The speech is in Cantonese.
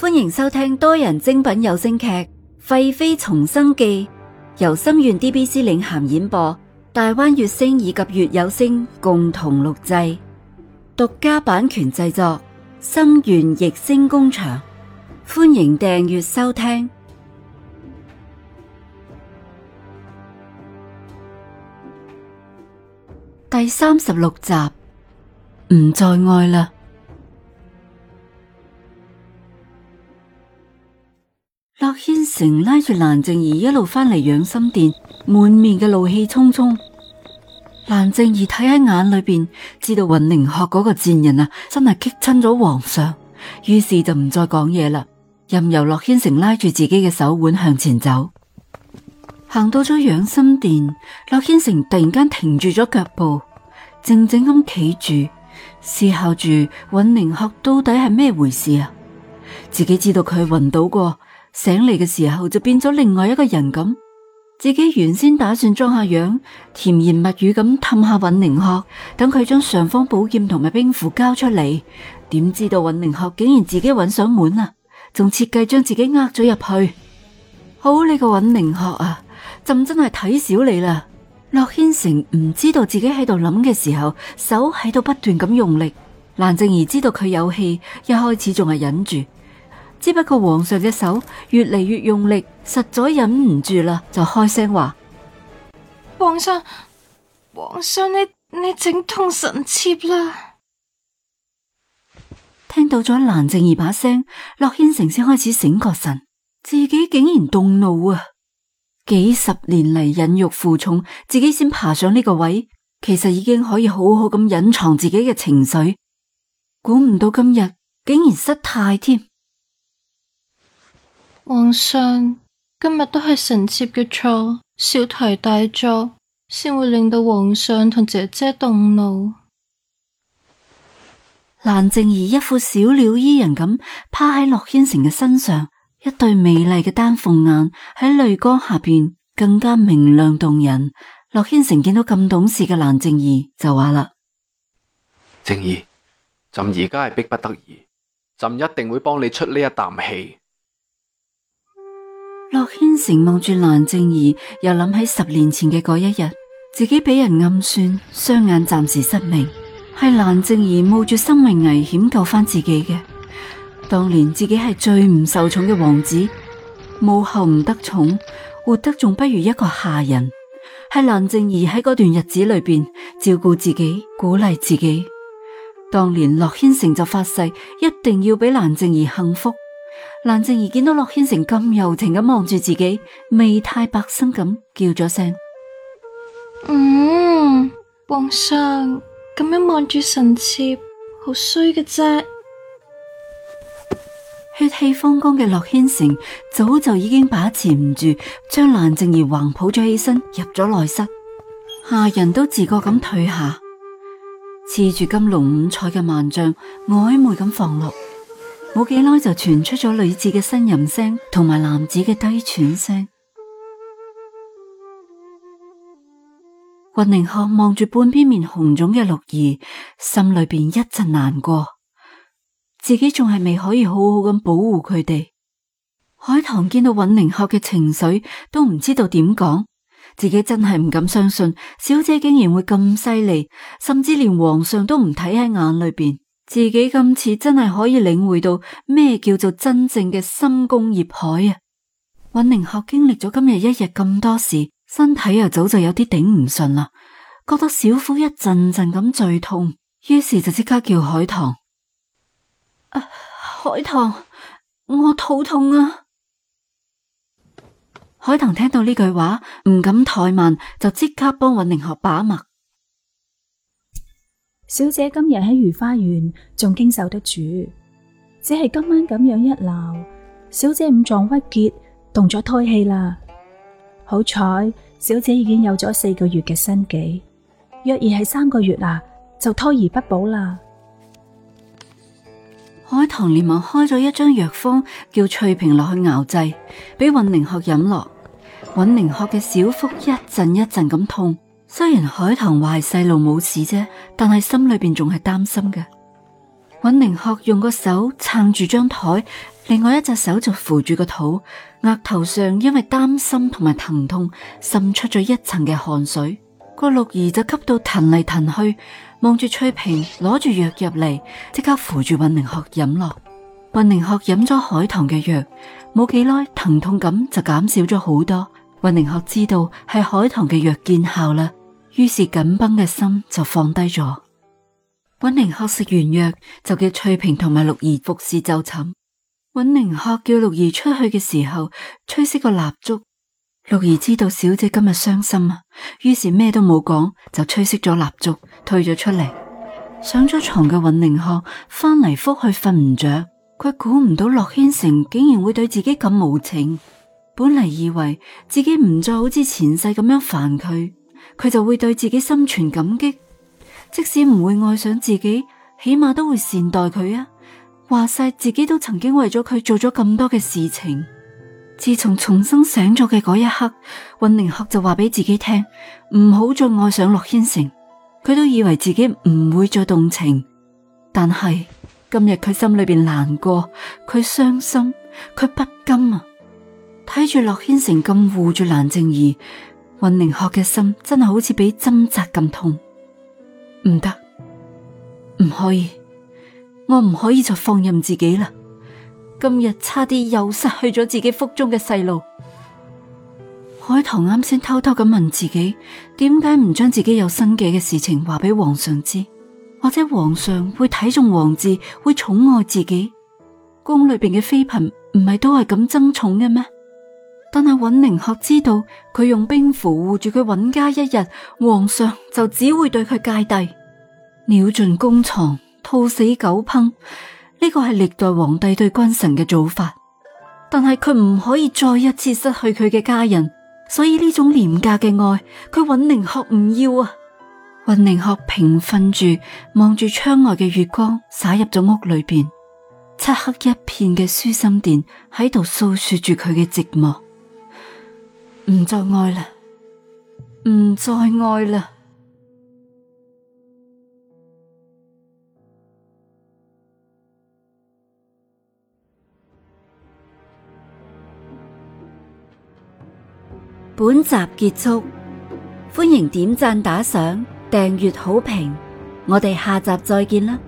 歡迎收聽多人精品有聲劇《廢妃重生記》，由心願 DBC 領銜演播，大灣月聲以及月有聲共同錄製，獨家版權製作，心願逸聲工場。歡迎訂閱收聽第三十六集，唔再愛啦。洛軒成拉住蘭靜儀一路翻嚟養心殿，滿面嘅怒氣冲沖。蘭靜儀睇喺眼裏邊，知道尹寧鶴嗰個賤人啊，真係激親咗皇上，於是就唔再講嘢啦，任由洛軒成拉住自己嘅手腕向前走。行到咗養心殿，洛軒成突然間停住咗腳步，靜靜咁企住思考住尹寧鶴到底係咩回事啊？自己知道佢暈倒過。醒嚟嘅時候就變咗另外一個人咁，自己原先打算裝下樣，甜言蜜語咁氹下尹寧學，等佢將上方寶劍同埋兵符交出嚟，點知道尹寧學竟然自己揾上門啦，仲設計將自己呃咗入去。好你個尹寧學啊！朕真係睇小你啦！駱軒成唔知道自己喺度諗嘅時候，手喺度不斷咁用力。蘭靜兒知道佢有氣，一開始仲係忍住。只不過皇上嘅手越嚟越用力，實在忍唔住啦，就開聲話：皇上，皇上你，你你整痛臣妾啦！聽到咗蘭靜儀把聲，洛軒成先開始醒覺神，自己竟然動怒啊！幾十年嚟忍辱負重，自己先爬上呢個位，其實已經可以好好咁隱藏自己嘅情緒，估唔到今日竟然失態添。皇上，今日都係臣妾嘅錯，小題大作，先會令到皇上同姐姐動怒。蘭靜儀一副小鳥依人咁趴喺洛軒成嘅身上，一對美麗嘅丹鳳眼喺淚光下邊更加明亮動人。洛軒成見到咁懂事嘅蘭靜儀，就話啦：靜儀，朕而家係逼不得已，朕一定會幫你出呢一啖氣。洛軒成望住蘭靜兒，又諗起十年前嘅嗰一日，自己俾人暗算，雙眼暫時失明，係蘭靜兒冒住生命危險救翻自己嘅。當年自己係最唔受寵嘅王子，母后唔得寵，活得仲不如一個下人。係蘭靜兒喺嗰段日子裏邊照顧自己、鼓勵自己。當年洛軒成就發誓，一定要俾蘭靜兒幸福。蘭靜兒見到洛軒成咁柔情咁望住自己，眉太白聲咁叫咗聲，嗯，皇上咁樣望住臣妾，好衰嘅啫。血氣風剛嘅洛軒成早就已經把持唔住，將蘭靜兒橫抱咗起身入咗內室，下人都自覺咁退下，持住金龍五彩嘅幔帳，曖昧咁放落。冇幾耐就傳出咗女子嘅呻吟聲同埋男子嘅低喘聲。尹寧鶴望住半邊面紅腫嘅六兒，心裏邊一陣難過，自己仲係未可以好好咁保護佢哋。海棠見到尹寧鶴嘅情緒，都唔知道點講，自己真係唔敢相信，小姐竟然會咁犀利，甚至連皇上都唔睇喺眼裏邊。自己今次真係可以領會到咩叫做真正嘅深宮葉海啊！尹寧學經歷咗今日一日咁多事，身體啊早就有啲頂唔順啦，覺得小腹一陣陣咁墜痛，於是就即刻叫海棠。啊，海棠，我肚痛啊！海棠聽到呢句話，唔敢怠慢，就即刻幫尹寧學把脈。小姐今日喺御花園仲經受得住，只係今晚咁樣一鬧，小姐五臟鬱結，動咗胎氣啦。好彩，小姐已經有咗四個月嘅身紀，若然係三個月啦，就胎兒不保啦。海棠連忙開咗一張藥方，叫翠萍落去熬製，俾允寧喝飲落。允寧喝嘅小腹一陣一陣咁痛。雖然海棠話係細路冇事啫，但係心裏邊仲係擔心嘅。尹寧學用個手撐住張台，另外一隻手就扶住個肚，額頭上因為擔心同埋疼痛滲出咗一層嘅汗水。個六兒就急到騰嚟騰去，望住翠平攞住藥入嚟，即刻扶住尹寧學飲落。尹寧學飲咗海棠嘅藥，冇幾耐疼痛感就減少咗好多。尹寧學知道係海棠嘅藥見效啦。於是緊繃嘅心就放低咗。尹寧鶴食完藥就叫翠平同埋六兒服侍就寢。尹寧鶴叫六兒出去嘅時候，吹熄個蠟燭。六兒知道小姐今日傷心啊，於是咩都冇講就吹熄咗蠟燭，退咗出嚟。上咗床嘅尹寧鶴翻嚟覆去瞓唔着，佢估唔到駱軒成竟然會對自己咁無情。本嚟以為自己唔再好似前世咁樣煩佢。佢就會對自己心存感激，即使唔會愛上自己，起碼都會善待佢啊！話晒自己都曾經為咗佢做咗咁多嘅事情。自從重生醒咗嘅嗰一刻，溫寧鶴就話俾自己聽，唔好再愛上洛軒成。佢都以為自己唔會再動情，但係今日佢心裏邊難過，佢傷心，佢不甘啊！睇住洛軒成咁護住蘭靜兒。溫寧學嘅心真係好似畀針扎咁痛，唔得，唔可以，我唔可以再放任自己啦！今日差啲又失去咗自己腹中嘅細路。海棠啱先偷偷咁問自己，點解唔將自己有身記嘅事情話俾皇上知？或者皇上會睇中皇子，會寵愛自己？宮裏邊嘅妃嬪唔係都係咁爭寵嘅咩？但係尹寧學知道，佢用兵符護住佢尹家一日，皇上就只會對佢芥蒂，鳥盡弓藏，兔死狗烹，呢個係歷代皇帝對君臣嘅做法。但係佢唔可以再一次失去佢嘅家人，所以呢種廉價嘅愛，佢尹寧學唔要啊。尹寧學平瞓住，望住窗外嘅月光，灑入咗屋裏邊，漆黑一片嘅舒心殿喺度訴說住佢嘅寂寞。唔再愛啦，唔再愛啦。本集結束，歡迎點讚、打賞、訂閱、好評，我哋下集再見啦。